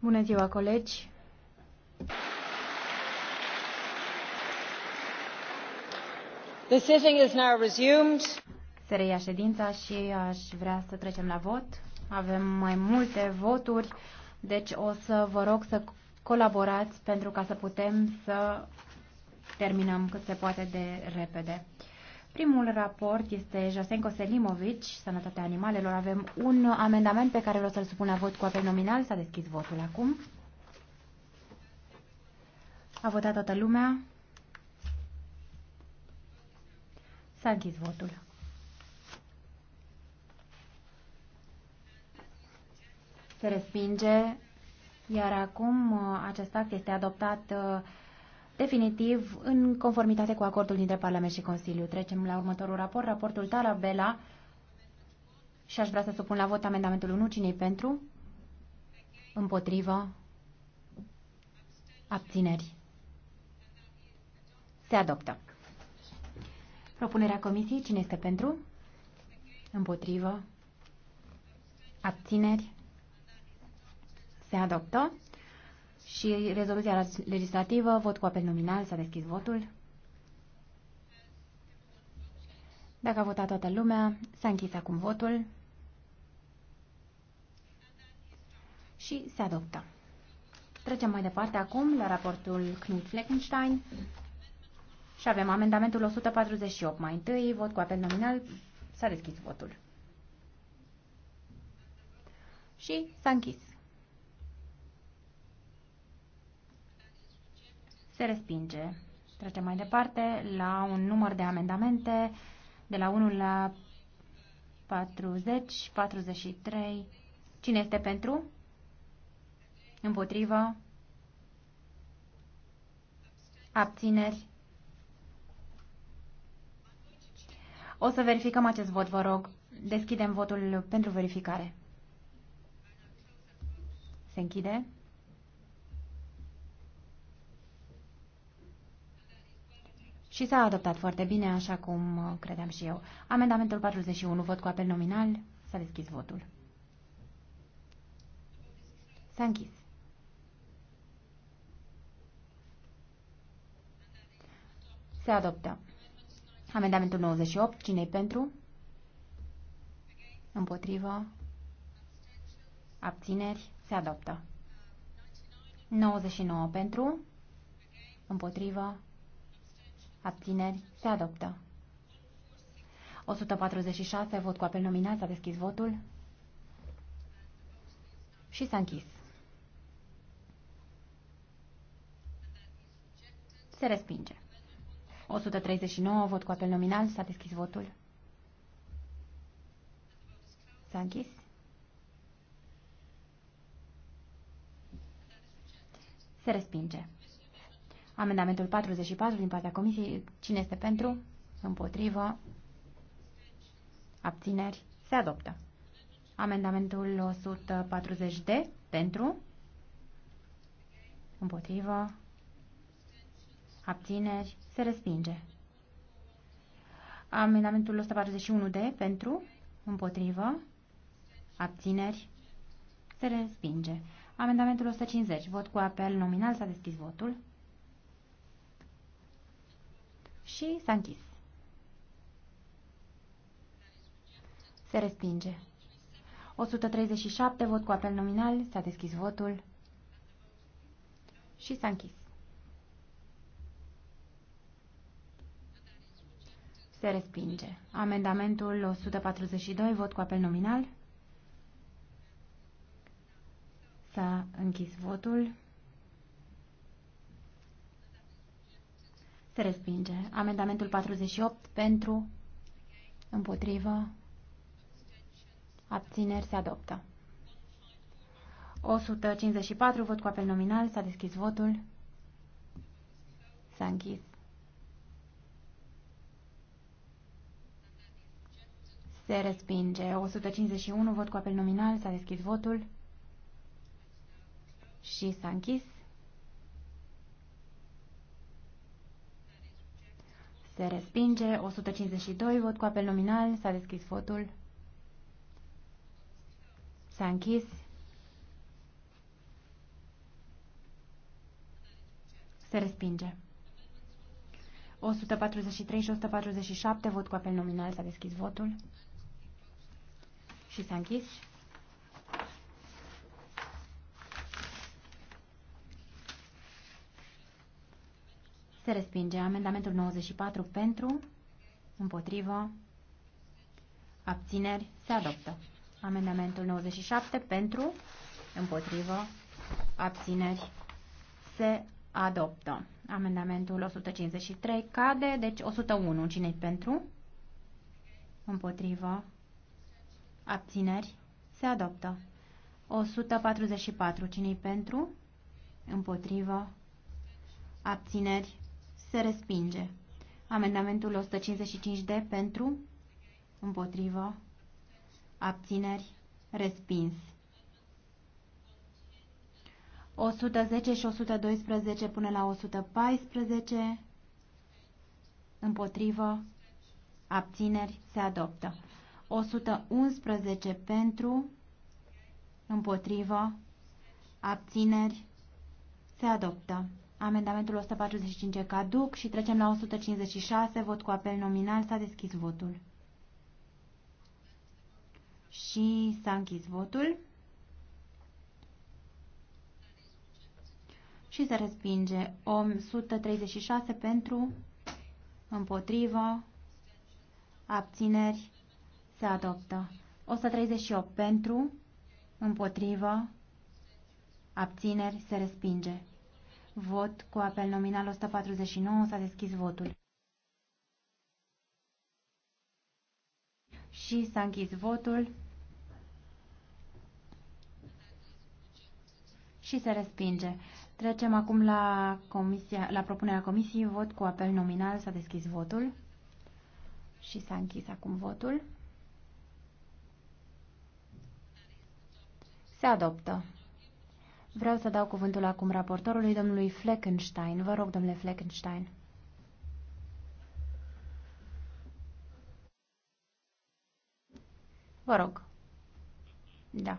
Bună ziua, colegi. The sitting is now resumed. Se reia ședința și aș vrea să trecem la vot. Avem mai multe voturi, deci o să vă rog să colaborați pentru ca să putem să terminăm cât se poate de repede. Primul raport este Jasenko Selimovic, Sănătatea Animalelor. Avem un amendament pe care vreau să-l supun la vot cu apel nominal. S-a deschis votul acum. A votat toată lumea. S-a închis votul. Se respinge, iar acum uh, acest act este adoptat uh, definitiv în conformitate cu acordul dintre Parlament și Consiliu. Trecem la următorul raport, raportul Tarabela și aș vrea să supun la vot amendamentul 1. cine pentru? Împotrivă? Abțineri? Se adoptă. Propunerea comisiei. Cine este pentru? Împotrivă? Abțineri? Se adoptă. Și rezoluția legislativă, vot cu apel nominal, s-a deschis votul. Dacă a votat toată lumea, s-a închis acum votul și se adoptă. Trecem mai departe acum la raportul Knut Fleckenstein și avem amendamentul 148. Mai întâi, vot cu apel nominal, s-a deschis votul. Și s-a închis. Se respinge. Trecem mai departe la un număr de amendamente de la 1 la 40, 43. Cine este pentru? Împotrivă? Abțineri? O să verificăm acest vot, vă rog. Deschidem votul pentru verificare. Se închide. Și s-a adoptat foarte bine, așa cum uh, credeam și eu. Amendamentul 41, vot cu apel nominal, s-a deschis votul. S-a închis. Se adoptă. Amendamentul 98, cine pentru? Împotrivă? Abțineri? Se adoptă. 99 pentru? Împotrivă? Abțineri. Se adoptă. 146. Vot cu apel nominal. S-a deschis votul. Și s-a închis. Se respinge. 139. Vot cu apel nominal. S-a deschis votul. S-a închis. Se respinge. Amendamentul 44 din partea Comisiei. Cine este pentru? Împotrivă? Abțineri? Se adoptă. Amendamentul 140 de Pentru? Împotrivă? Abțineri? Se respinge. Amendamentul 141 de Pentru? Împotrivă? Abțineri? Se respinge. Amendamentul 150. Vot cu apel nominal. S-a deschis votul și s-a închis. Se respinge. 137, vot cu apel nominal, s-a deschis votul și s-a închis. Se respinge. Amendamentul 142, vot cu apel nominal. S-a închis votul. Se respinge. Amendamentul 48 pentru, împotrivă, abțineri se adoptă. 154, vot cu apel nominal, s-a deschis votul, s-a închis. Se respinge. 151, vot cu apel nominal, s-a deschis votul și s-a închis. Se respinge. 152. Vot cu apel nominal. S-a deschis votul. S-a închis. Se respinge. 143 și 147. Vot cu apel nominal. S-a deschis votul. Și s-a închis. Se respinge. Amendamentul 94 pentru, împotrivă, abțineri, se adoptă. Amendamentul 97 pentru, împotrivă, abțineri, se adoptă. Amendamentul 153 cade, deci 101. cine pentru? Împotrivă, abțineri, se adoptă. 144. cine pentru? Împotrivă, abțineri, se respinge. Amendamentul 155D pentru, împotrivă, abțineri, respins. 110 și 112 până la 114, împotrivă, abțineri, se adoptă. 111 pentru, împotrivă, abțineri, se adoptă. Amendamentul 145 caduc și trecem la 156, vot cu apel nominal, s-a deschis votul. Și s-a închis votul. Și se respinge 136 pentru, împotrivă, abțineri, se adoptă. 138 pentru, împotrivă, abțineri, se respinge. Vot cu apel nominal 149. S-a deschis votul. Și s-a închis votul. Și se respinge. Trecem acum la, comisia, la propunerea comisiei. Vot cu apel nominal. S-a deschis votul. Și s-a închis acum votul. Se adoptă. Vreau să dau cuvântul acum raportorului, domnului Fleckenstein. Vă rog, domnule Fleckenstein. Vă rog. Da.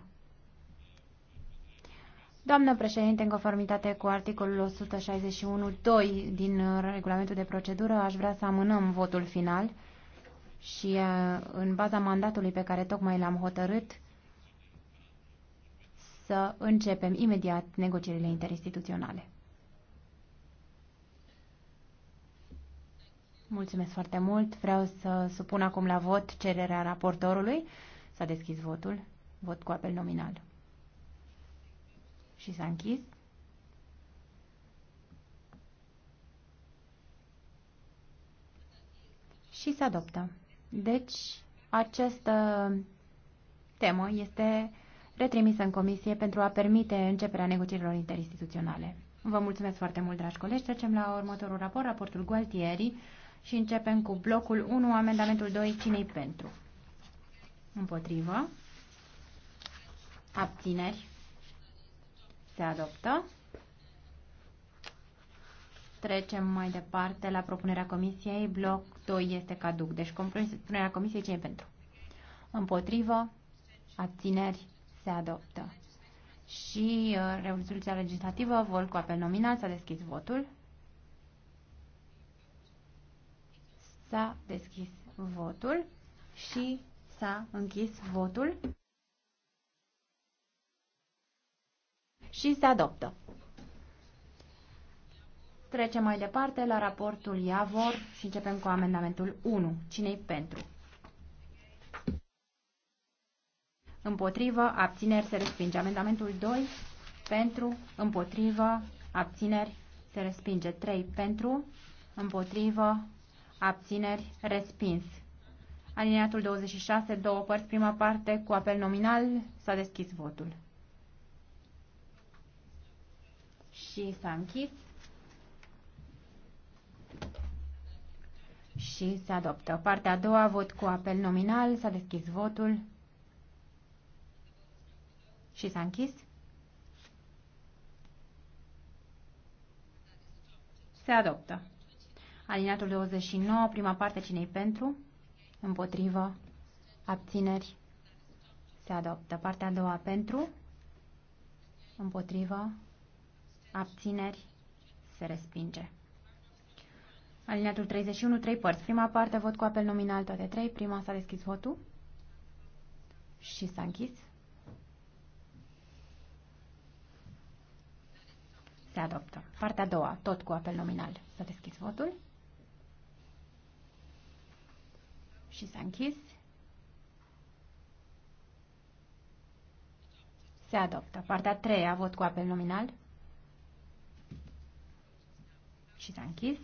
Doamnă președinte, în conformitate cu articolul 161.2 din uh, regulamentul de procedură, aș vrea să amânăm votul final și uh, în baza mandatului pe care tocmai l-am hotărât, să începem imediat negocierile interinstituționale. Mulțumesc foarte mult. Vreau să supun acum la vot cererea raportorului. S-a deschis votul. Vot cu apel nominal. Și s-a închis. Și se adoptă. Deci, această temă este retrimisă în comisie pentru a permite începerea negocierilor interinstituționale. Vă mulțumesc foarte mult, dragi colegi. Trecem la următorul raport, raportul Gualtieri, și începem cu blocul 1, amendamentul 2, cine pentru? Împotrivă. Abțineri. Se adoptă. Trecem mai departe la propunerea comisiei. Bloc 2 este caduc. Deci propunerea comisiei cine e pentru? Împotrivă. Abțineri se adoptă. Și uh, rezoluția legislativă, vol cu apel nominal, s-a deschis votul. S-a deschis votul și s-a închis votul și se adoptă. Trecem mai departe la raportul Iavor și începem cu amendamentul 1. Cine-i pentru? împotrivă, abțineri, se respinge. Amendamentul 2, pentru, împotrivă, abțineri, se respinge. 3, pentru, împotrivă, abțineri, respins. Alineatul 26, două părți, prima parte, cu apel nominal, s-a deschis votul. Și s-a închis. Și se adoptă. Partea a doua, vot cu apel nominal, s-a deschis votul. Și s-a închis. Se adoptă. Alineatul 29, prima parte, cinei pentru? Împotrivă. Abțineri. Se adoptă. Partea a doua pentru? Împotrivă. Abțineri. Se respinge. Alineatul 31, trei părți. Prima parte, vot cu apel nominal, toate trei. Prima s-a deschis votul și s-a închis. Se adoptă. Partea a doua, tot cu apel nominal. Să deschizi votul. Și s-a închis. Se adoptă. Partea a treia, vot cu apel nominal. Și s-a închis.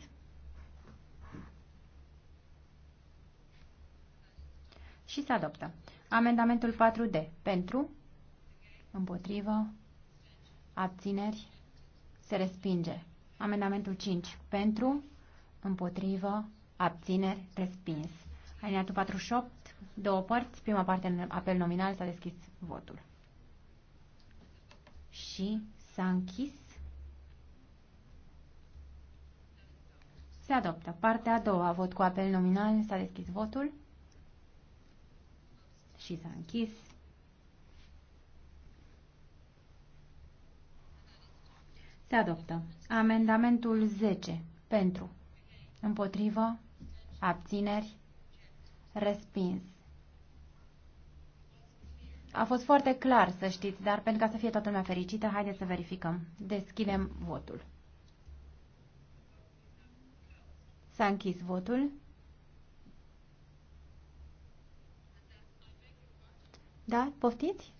Și se adoptă. Amendamentul 4D. Pentru. Împotrivă. Abțineri. Se respinge. Amendamentul 5. Pentru, împotrivă, abțineri, respins. Alineatul 48, două părți, prima parte în apel nominal s-a deschis votul. Și s-a închis. Se adoptă. Partea a doua, vot cu apel nominal, s-a deschis votul. Și s-a închis. Se adoptă. Amendamentul 10. Pentru. Împotrivă. Abțineri. Respins. A fost foarte clar, să știți, dar pentru ca să fie toată lumea fericită, haideți să verificăm. Deschidem votul. S-a închis votul. Da? Poftiți?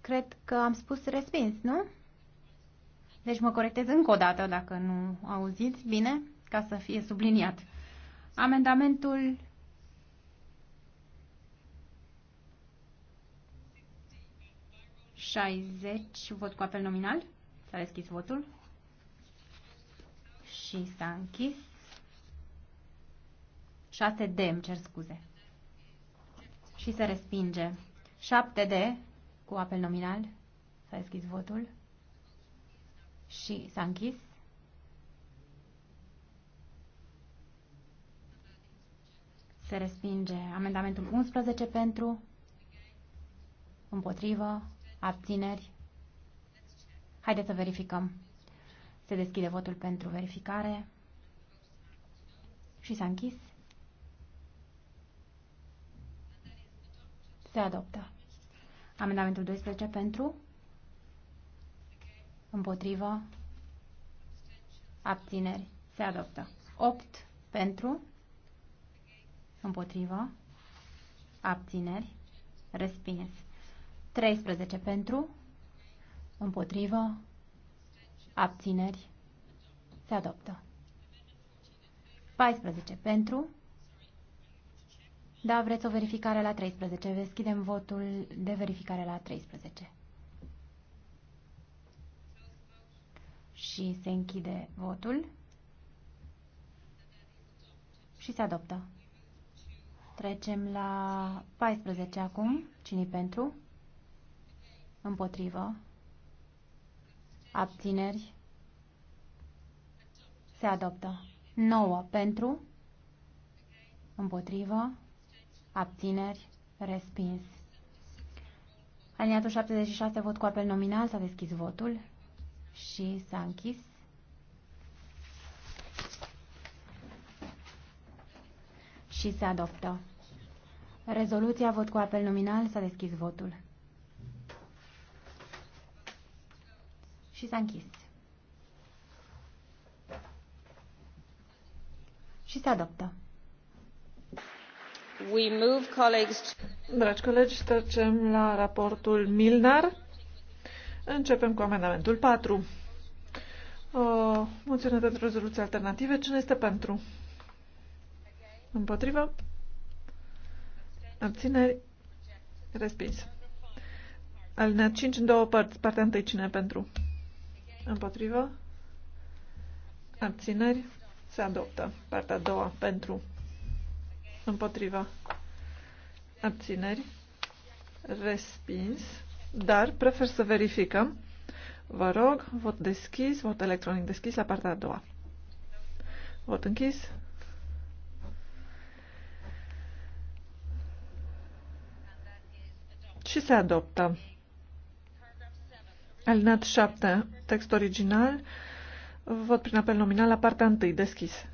Cred că am spus respins, nu? Deci mă corectez încă o dată dacă nu auziți bine, ca să fie subliniat. Amendamentul 60, vot cu apel nominal. S-a deschis votul. Și s-a închis. 6D, îmi cer scuze. Și se respinge. 7D, cu apel nominal. S-a deschis votul și s-a închis. Se respinge amendamentul 11 pentru, împotrivă, abțineri. Haideți să verificăm. Se deschide votul pentru verificare și s-a închis. Se adoptă. Amendamentul 12 pentru, Împotrivă. Abțineri. Se adoptă. 8 pentru. Împotrivă. Abțineri. Respins. 13 pentru. Împotrivă. Abțineri. Se adoptă. 14 pentru. Da, vreți o verificare la 13. Deschidem votul de verificare la 13. și se închide votul și se adoptă. Trecem la 14 acum. cine pentru? Împotrivă. Abțineri. Se adoptă. 9 pentru. Împotrivă. Abțineri. Respins. Aliniatul 76, vot cu apel nominal, s-a deschis votul și s-a închis. Și se adoptă. Rezoluția vot cu apel nominal s-a deschis votul. Și s-a închis. Și se adoptă. We move colleagues... Dragi colegi, trecem la raportul Milnar Începem cu amendamentul 4. Uh, moțiune pentru rezoluție alternative. Cine este pentru? Împotrivă? Abțineri? Respins. Alinea 5 în două părți. Partea întâi cine pentru? Împotrivă? Abțineri? Se adoptă. Partea a doua pentru? Împotrivă? Abțineri? Respins dar prefer să verificăm. Vă rog, vot deschis, vot electronic deschis la partea a doua. Vot închis. Și se adoptă. Alinat 7, text original, vot prin apel nominal la partea 1, deschis.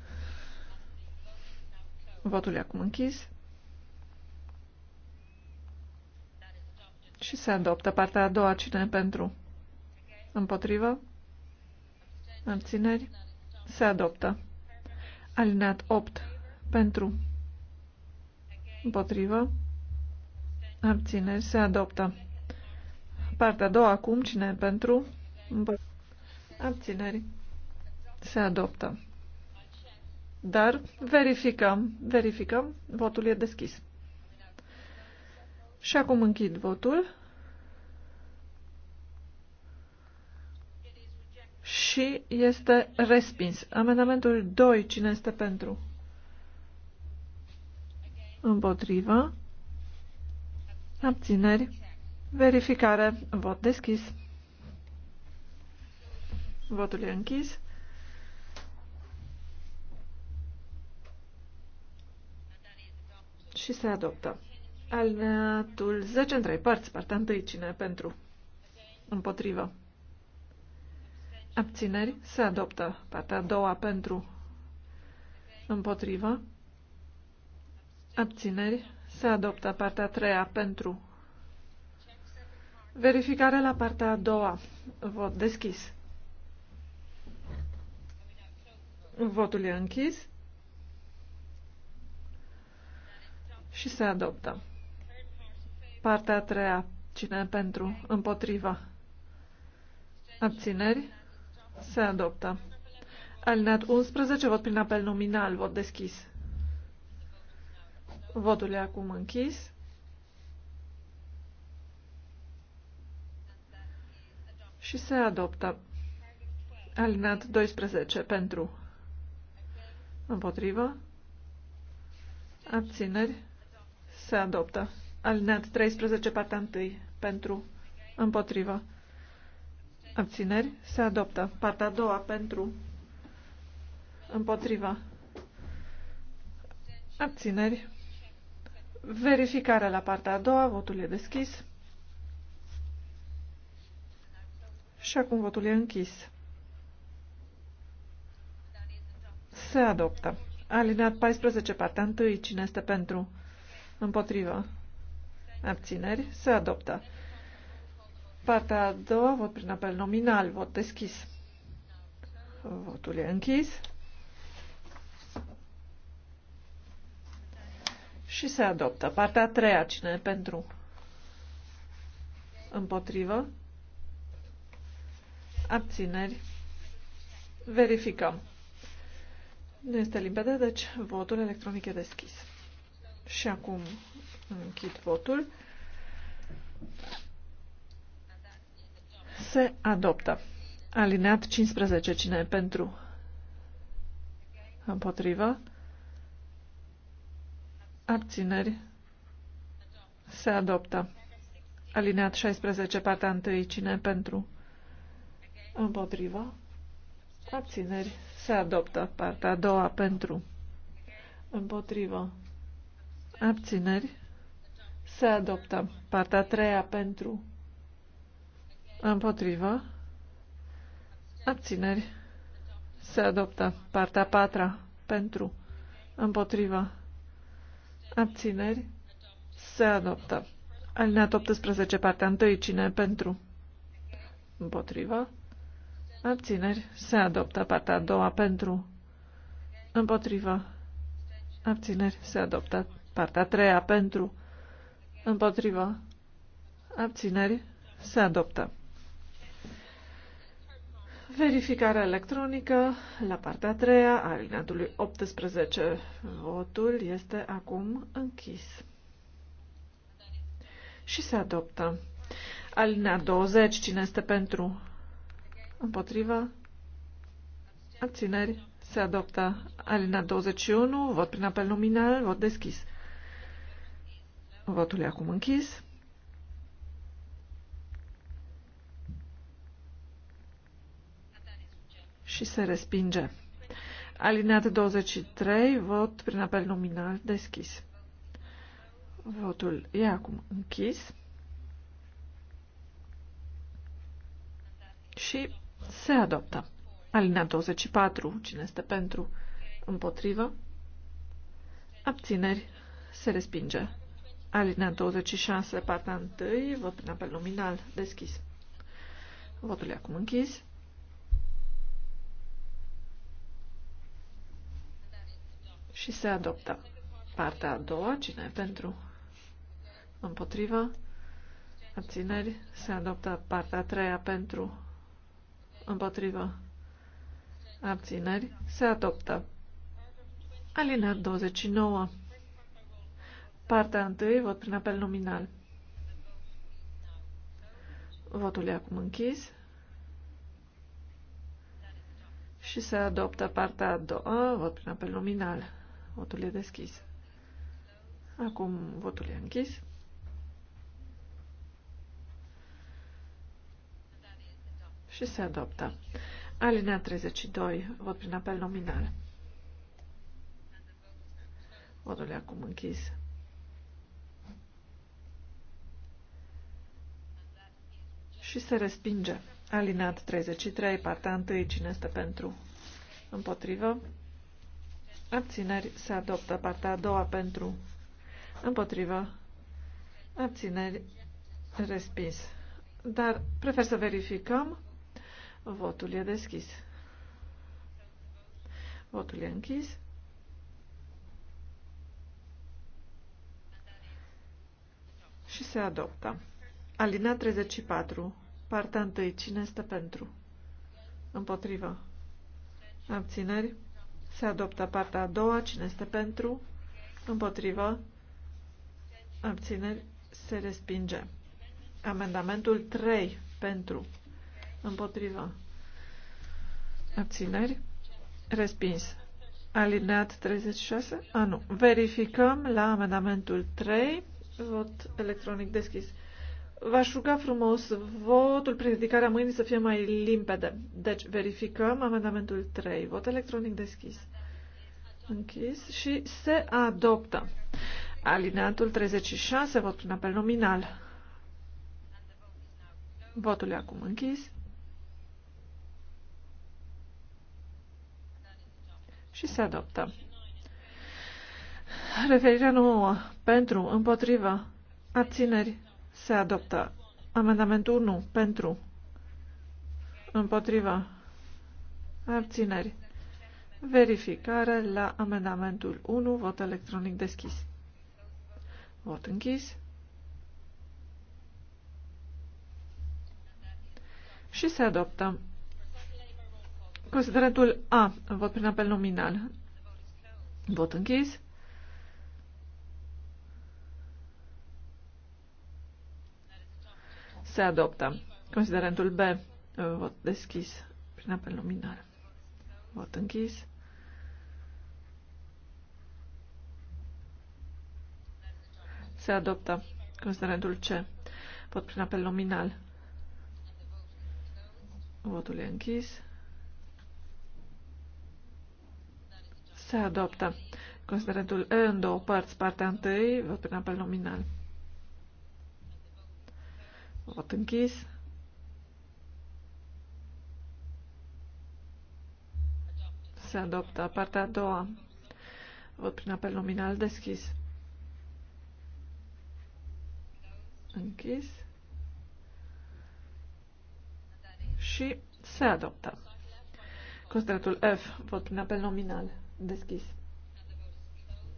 Votul e acum închis. Și se adoptă partea a doua. Cine pentru? Împotrivă? Abțineri? Se adoptă. Alineat 8. Pentru? Împotrivă? Abțineri? Se adoptă. Partea a doua acum. Cine pentru? Abțineri? Se adoptă. Dar verificăm, verificăm, votul e deschis. Și acum închid votul. Și este respins. Amendamentul 2. Cine este pentru? Împotrivă. Abțineri. Verificare. Vot deschis. Votul e închis. Și se adoptă. Alineatul 10 în trei părți, partea 1, cine pentru? Împotrivă. Abțineri se adoptă. Partea a doua pentru. Împotrivă. Abțineri se adoptă. Partea a treia pentru. Verificare la partea a doua. Vot deschis. Votul e închis. Și se adoptă. Partea a treia. Cine pentru? Împotriva. Abțineri? Se adoptă. Alineat 11, vot prin apel nominal, vot deschis. Votul e acum închis. Și se adoptă. Alineat 12, pentru. Împotrivă. Abțineri. Se adoptă. Alineat 13, partea 1. Pentru. Împotrivă. Abțineri. Se adoptă. Partea a doua. Pentru. Împotrivă. Abțineri. Verificare la partea a doua. Votul e deschis. Și acum votul e închis. Se adoptă. Alineat 14, partea 1. Cine este pentru? Împotrivă abțineri, se adoptă. Partea a doua, vot prin apel nominal, vot deschis. Votul e închis. Și se adoptă. Partea a treia, cine pentru? Împotrivă? Abțineri? Verificăm. Nu este limpede, deci votul electronic e deschis. Și acum Închid votul. Se adoptă. Alineat 15. Cine e pentru? Împotrivă. Abțineri. Se adoptă. Alineat 16, partea 1. Cine e pentru? Împotrivă. Abțineri. Se adoptă. Partea a doua pentru. Împotrivă. Abțineri. Se adoptă. Partea a treia pentru. Împotrivă. Abțineri. Se adoptă. Partea a patra pentru. Împotrivă. Abțineri. Se adoptă. alinea 18, partea 1, cine pentru? Împotrivă. Abțineri. Se adoptă. Partea a doua pentru. Împotrivă. Abțineri. Se adoptă. Partea a treia pentru. Împotrivă. Abțineri. Se adoptă. Verificarea electronică la partea a treia a alineatului 18. Votul este acum închis. Și se adoptă. Alinea 20. Cine este pentru? Împotriva? Abțineri. Se adoptă. Alinea 21. Vot prin apel nominal. Vot deschis. Votul e acum închis. Și se respinge. Alineat 23, vot prin apel nominal deschis. Votul e acum închis. Și se adoptă. Alineat 24, cine este pentru, împotrivă, abțineri, se respinge. Alinea 26, partea 1, vot prin apel nominal deschis. Votul e acum închis. Și se adoptă partea a doua, cine pentru, împotriva, abțineri, se adoptă partea a treia pentru, împotriva, abțineri, se adoptă. Alinea 29. Partea întâi, vot prin apel nominal. Votul e acum închis. Și se adoptă partea a doua, vot prin apel nominal. Votul e deschis. Acum votul e închis. Și se adoptă. Alinea 32, vot prin apel nominal. Votul e acum închis. și se respinge. Alinat 33, partea 1, cine este pentru? Împotrivă. Abțineri se adoptă partea a doua pentru. Împotrivă. Abțineri respins. Dar prefer să verificăm. Votul e deschis. Votul e închis. Și se adoptă. Alina 34. Partea întâi. Cine este pentru? Împotrivă. Abțineri. Se adoptă partea a doua. Cine este pentru? Împotrivă. Abțineri. Se respinge. Amendamentul 3. Pentru. Împotrivă. Abțineri. Respins. Alineat 36? A, nu. Verificăm la amendamentul 3. Vot electronic deschis. V-aș ruga frumos votul prin ridicarea mâinii să fie mai limpede. Deci verificăm amendamentul 3. Vot electronic deschis. Închis și se adoptă. Alineatul 36, vot prin apel nominal. Votul e acum închis. Și se adoptă. Referirea nouă pentru, împotriva, abțineri, se adoptă. Amendamentul 1. Pentru. Împotriva. Abțineri. Verificare la amendamentul 1. Vot electronic deschis. Vot închis. Și se adoptă. Considerentul A. Vot prin apel nominal. Vot închis. Se adoptă. Considerentul B. Uh, vot deschis prin apel nominal. Vot închis. Se adoptă. Considerentul C. Vot prin apel nominal. Votul e închis. Se adoptă. Considerentul E în două părți. Partea întâi, vot prin apel nominal. Vot închis. Se adoptă. Partea a doua. Vot prin apel nominal deschis. Închis. Și se adoptă. Constatul F. Vot prin apel nominal deschis.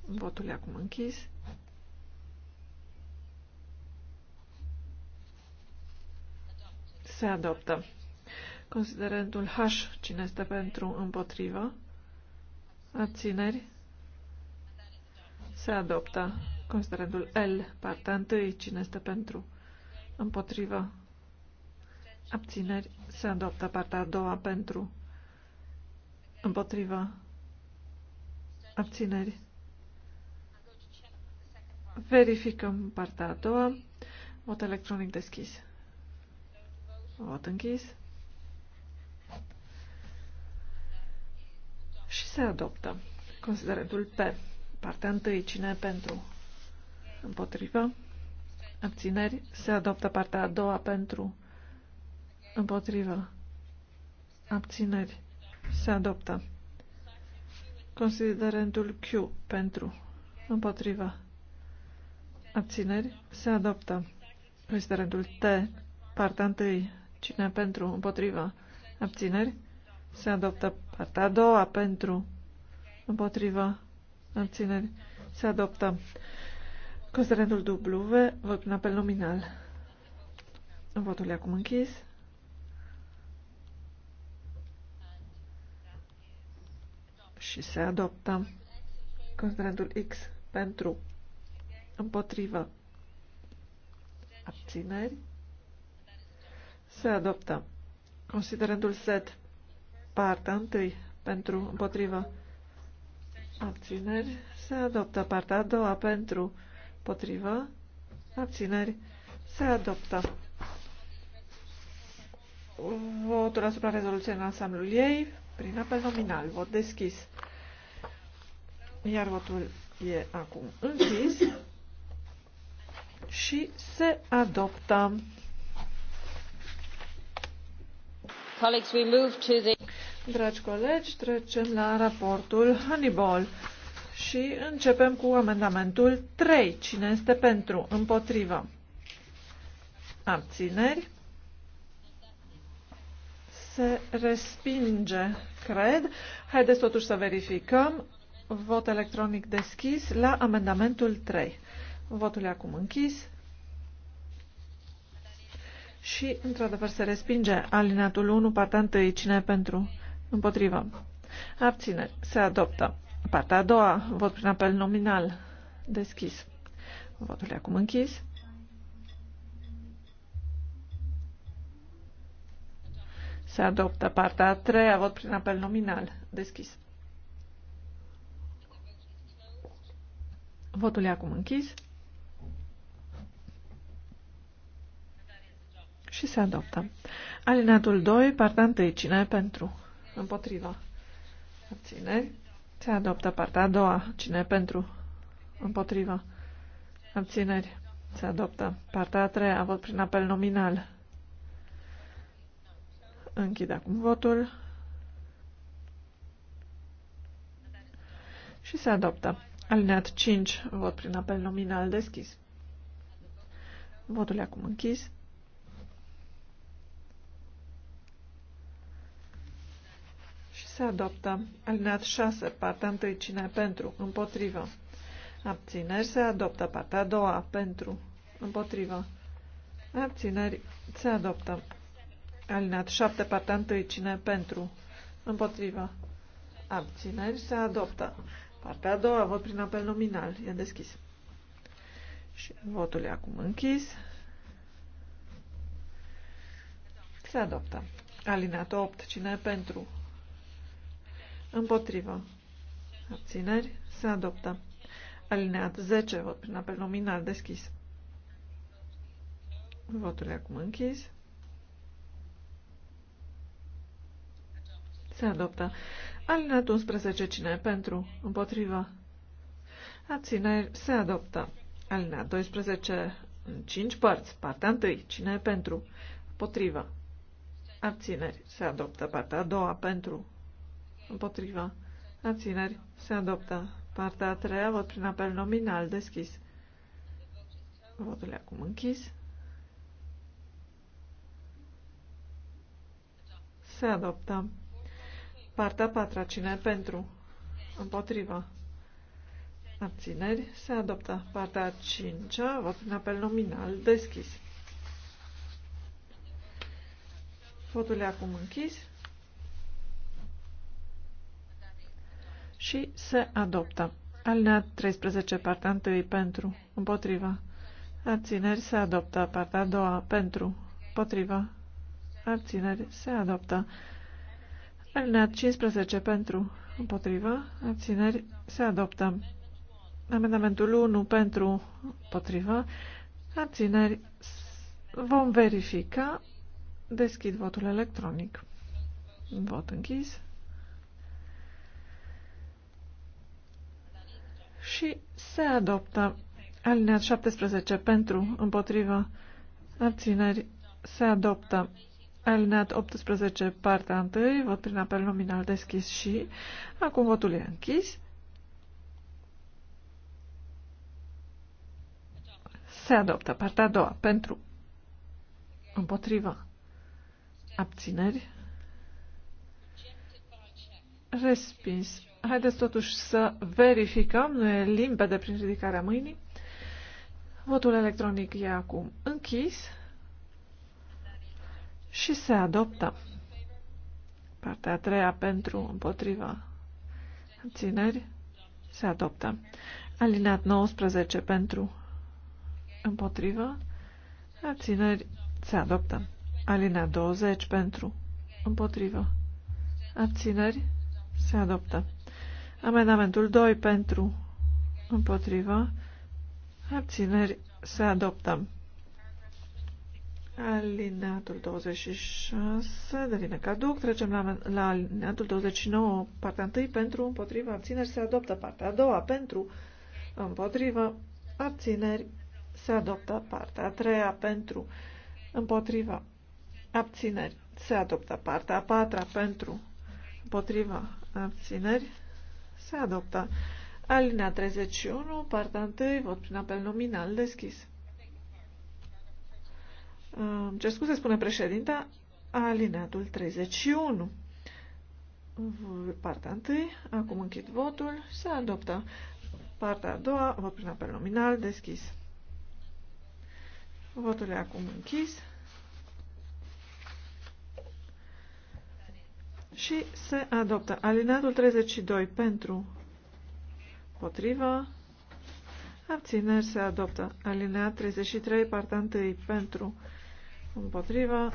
Votul e acum închis. Se adoptă. Considerentul H, cine este pentru, împotrivă. Abțineri. Se adoptă. Considerentul L, partea întâi, cine este pentru, împotrivă. Abțineri. Se adoptă partea a doua pentru, împotrivă. Abțineri. Verificăm partea a doua. Vot electronic deschis. Vot închis. Și se adoptă. Considerentul P. Partea întâi, Cine pentru? Împotrivă. Abțineri. Se adoptă partea a doua pentru. Împotrivă. Abțineri. Se adoptă. Considerentul Q. Pentru. Împotrivă. Abțineri. Se adoptă. Considerentul T. Partea întâi. Cine pentru? Împotrivă. Abțineri. Se adoptă partea a doua pentru. Împotrivă. Abțineri. Se adoptă. Considerentul V, vot prin apel nominal. Votul e acum închis. Și se adoptă considerentul X pentru împotrivă abțineri. Se adoptă. Considerentul set, partea 1, pentru, împotrivă, abțineri. Se adoptă partea a doua pentru, împotrivă, abțineri. Se adoptă. Votul asupra rezoluției în ansamblul ei, prin apel nominal, vot deschis. Iar votul e acum închis și se adoptă. Dragi colegi, trecem la raportul Hannibal și începem cu amendamentul 3. Cine este pentru? Împotrivă. Abțineri. Se respinge, cred. Haideți totuși să verificăm. Vot electronic deschis la amendamentul 3. Votul e acum închis. Și, într-adevăr, se respinge alinatul 1, partea 1, cine pentru, împotrivă. Abține. se adoptă. Partea a doua, vot prin apel nominal, deschis. Votul e acum închis. Se adoptă partea a treia, vot prin apel nominal, deschis. Votul e acum închis. și se adoptă. Alineatul 2, partea 1, cine pentru? Împotriva. Abțineri. Se adoptă partea a doua, cine pentru? Împotriva. Abțineri. Se adoptă partea a treia, vot prin apel nominal. Închid acum votul. Și se adoptă. Alineat 5, vot prin apel nominal deschis. Votul e acum închis. Se adoptă. Alineat 6, partea 1, cine pentru? Împotrivă. Abțineri. Se adoptă. Partea 2. pentru? Împotrivă. Abțineri. Se adoptă. Alineat 7, partea 1, cine pentru? Împotrivă. Abțineri. Se adoptă. Partea a doua, vot prin apel nominal. E deschis. Și votul e acum închis. Se adoptă. Alineat 8. Cine pentru? Împotrivă. Abțineri. Se adoptă. Alineat 10. Vot prin apel nominal deschis. Votul e acum închis. Se adoptă. Alineat 11. Cine e pentru? Împotrivă. Abțineri. Se adoptă. Alineat 12. În 5 părți. Partea 1. Cine e pentru? Împotrivă. Abțineri. Se adoptă. Partea a doua pentru. Împotrivă. țineri Se adoptă. Partea a treia, vot prin apel nominal deschis. Votul e acum închis. Se adoptă. Partea a patra, cine pentru? Împotrivă. Abțineri. Se adoptă. Partea a cincea, vot prin apel nominal deschis. Votul e acum închis. și se adoptă. Al 13, partea 1 pentru, împotriva. Abțineri se adoptă. Partea a doua pentru, împotriva. Abțineri se adoptă. Al 15 pentru, împotriva. Abțineri se adoptă. Amendamentul 1 pentru, împotriva. Abțineri vom verifica. Deschid votul electronic. Vot închis. și se adoptă. Alineat 17 pentru, împotrivă, abțineri, se adoptă. Alineat 18, partea 1, vot prin apel nominal deschis și acum votul e închis. Se adoptă partea a doua pentru, împotrivă, abțineri, respins Haideți totuși să verificăm, nu e limpede prin ridicarea mâinii. Votul electronic e acum închis și se adoptă. Partea a treia pentru împotriva țineri se adoptă. Alineat 19 pentru împotriva țineri se adoptă. Alineat 20 pentru împotriva abțineri se adoptă. Amendamentul 2 pentru împotriva abțineri se adoptă. Alineatul 26 devine caduc. Trecem la, la alineatul 29, partea 1 pentru împotriva abțineri se adoptă. Partea a doua pentru împotriva abțineri se adoptă. Partea a treia pentru împotriva abțineri se adoptă. Partea a patra pentru împotriva abțineri se adoptă. Alinea 31, partea 1, vot prin apel nominal deschis. Ce scuze spune președinta? Alineatul 31. Partea 1, acum închid votul, se adoptă. Partea a doua, vot prin apel nominal deschis. Votul e acum închis. și se adoptă. Alineatul 32 pentru, potrivă, abțineri se adoptă. Alineat 33, partea 1 pentru, împotrivă,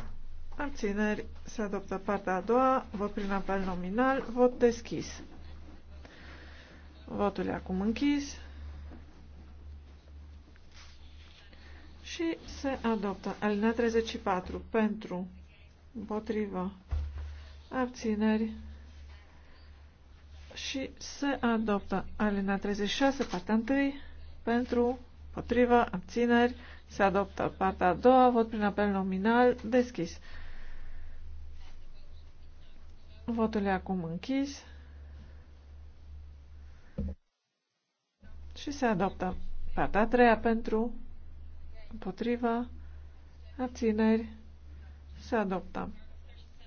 abțineri se adoptă. Partea a doua, vot prin apel nominal, vot deschis. Votul e acum închis. Și se adoptă. Alineat 34 pentru, împotrivă, abțineri și se adoptă alina 36, partea 1, pentru, potriva, abțineri, se adoptă partea a doua, vot prin apel nominal, deschis. Votul e acum închis și se adoptă partea a treia pentru, împotrivă, abțineri, se adoptă.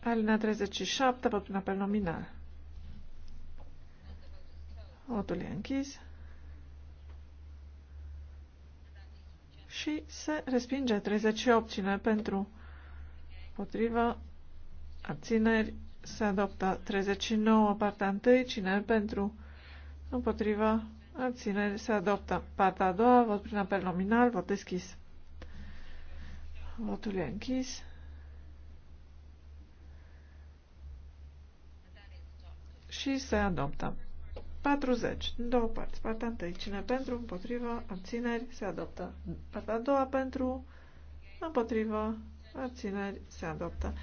Alina 37, vă prin apel nominal. Votul e închis. Și se respinge 38 cine pentru potriva abțineri. Se adoptă 39 partea 1, cine pentru împotriva abțineri. Se adoptă partea a doua, vot prin apel nominal, vot deschis. Votul e închis. și se adoptă. 40. În două părți. Partea întâi. Cine pentru, împotrivă, abțineri, se adoptă. Partea a doua pentru, împotrivă, abțineri, se adoptă.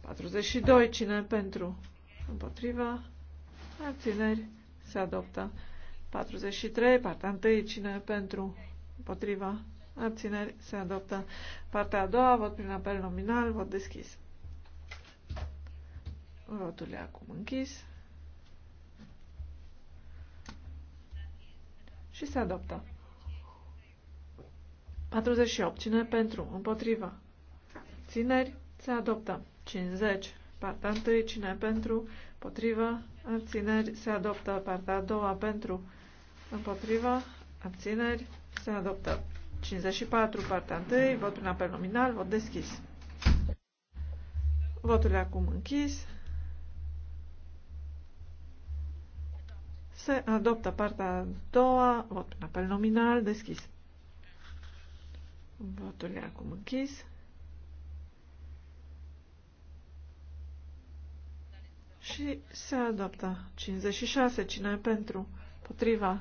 42. Cine pentru, împotrivă, abțineri, se adoptă. 43. Partea întâi. Cine pentru, împotriva, abțineri, se adoptă. Partea a doua. Vot prin apel nominal. Vot deschis. Votul e acum închis. și se adoptă. 48. Cine pentru? Împotriva. Țineri? Se adoptă. 50. Partea 1. Cine pentru? Împotriva. Abțineri? Se adoptă. Partea a doua pentru? Împotriva. Abțineri? Se adoptă. 54. Partea 1. Vot prin apel nominal. Vot deschis. Votul acum închis. Se adoptă partea a doua, vot în apel nominal, deschis. Votul e acum închis. Și se adoptă 56. Cine e pentru? Potriva.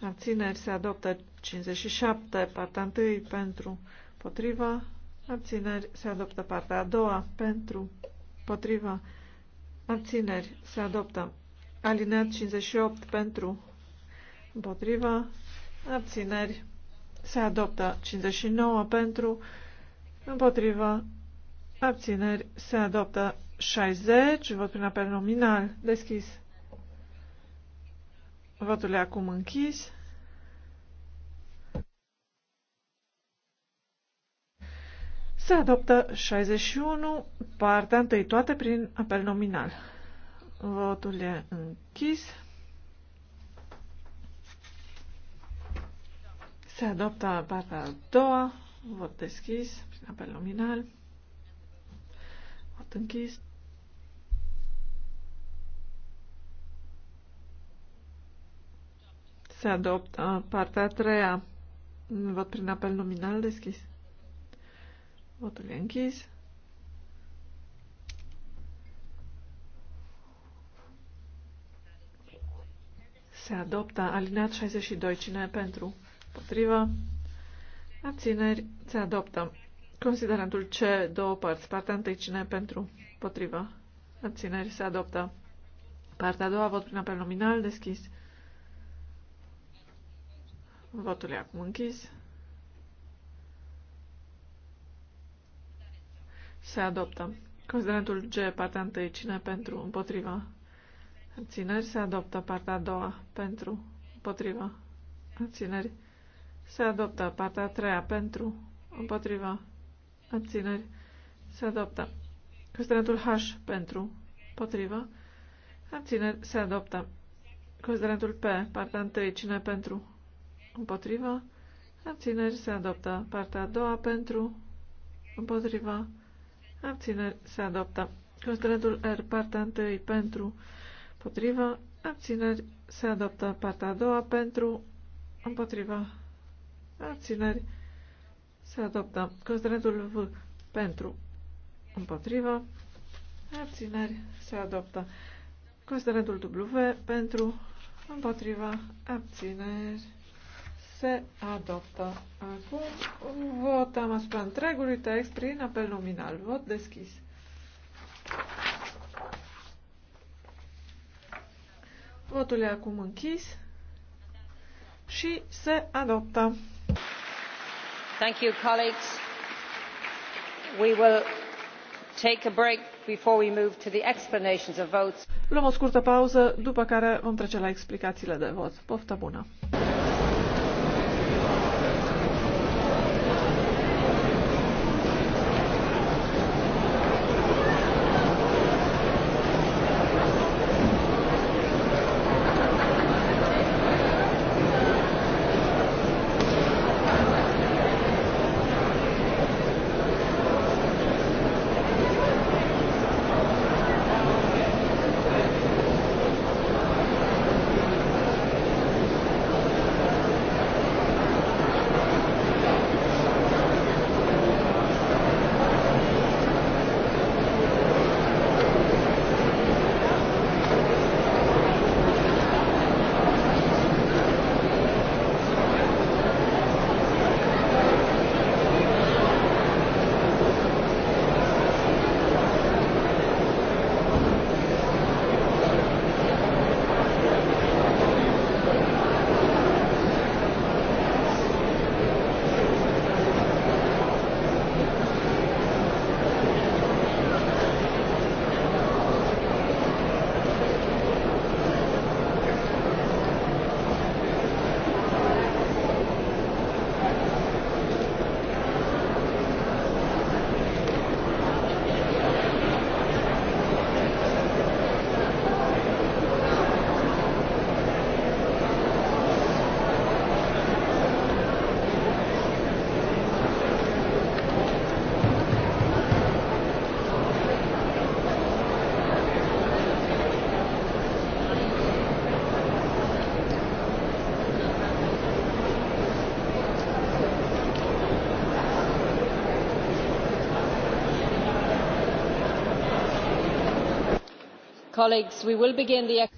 Abțineri se adoptă 57. Partea întâi, pentru. Potriva. Abțineri se adoptă partea a doua pentru. Potriva. Abțineri se adoptă Alineat 58 pentru împotriva abțineri se adoptă 59 pentru împotriva abțineri se adoptă 60 vot prin apel nominal deschis votul e acum închis se adoptă 61 partea întâi toate prin apel nominal Votul e închis. Se adoptă partea a doua. Vot deschis prin apel nominal. Vot închis. Se adoptă partea a treia. Vot prin apel nominal deschis. Votul e închis. Se adoptă alineat 62. Cine pentru? Potrivă. Abțineri. Se adoptă. Considerantul C, două părți. Partea întâi, cine pentru? Potrivă. Abțineri. Se adoptă. Partea a doua, vot prin apel nominal, deschis. Votul e acum închis. Se adoptă. Considerantul G, partea întâi, cine pentru, împotriva, Abțineri se adoptă partea a doua pentru, împotriva. Abțineri se adoptă partea a treia pentru, împotriva. Abțineri se adoptă. Considerentul H pentru, împotriva. Abțineri se adoptă. Considerentul P, partea 1, cine pentru, împotriva. Abțineri se adoptă. Partea a doua pentru, împotriva. Abțineri se adoptă. Considerentul R, partea 1, pentru, împotriva. Împotrivă. Abțineri. Se adoptă partea a doua pentru. Împotrivă. Abțineri. Se adoptă considerentul V pentru. Împotrivă. Abțineri. Se adoptă considerentul W pentru. Împotriva abțineri se adoptă. Acum votăm asupra întregului text prin apel nominal. Vot deschis. Votul e acum închis și se adoptă. Thank you, colleagues. We will take a break before we move to the explanations of votes. Luăm o scurtă pauză, după care vom trece la explicațiile de vot. Poftă bună!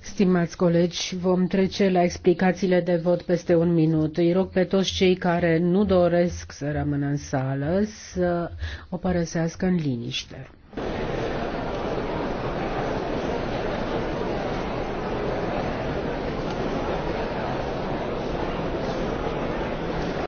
Stimați colegi, vom trece la explicațiile de vot peste un minut. Îi rog pe toți cei care nu doresc să rămână în sală să o părăsească în liniște.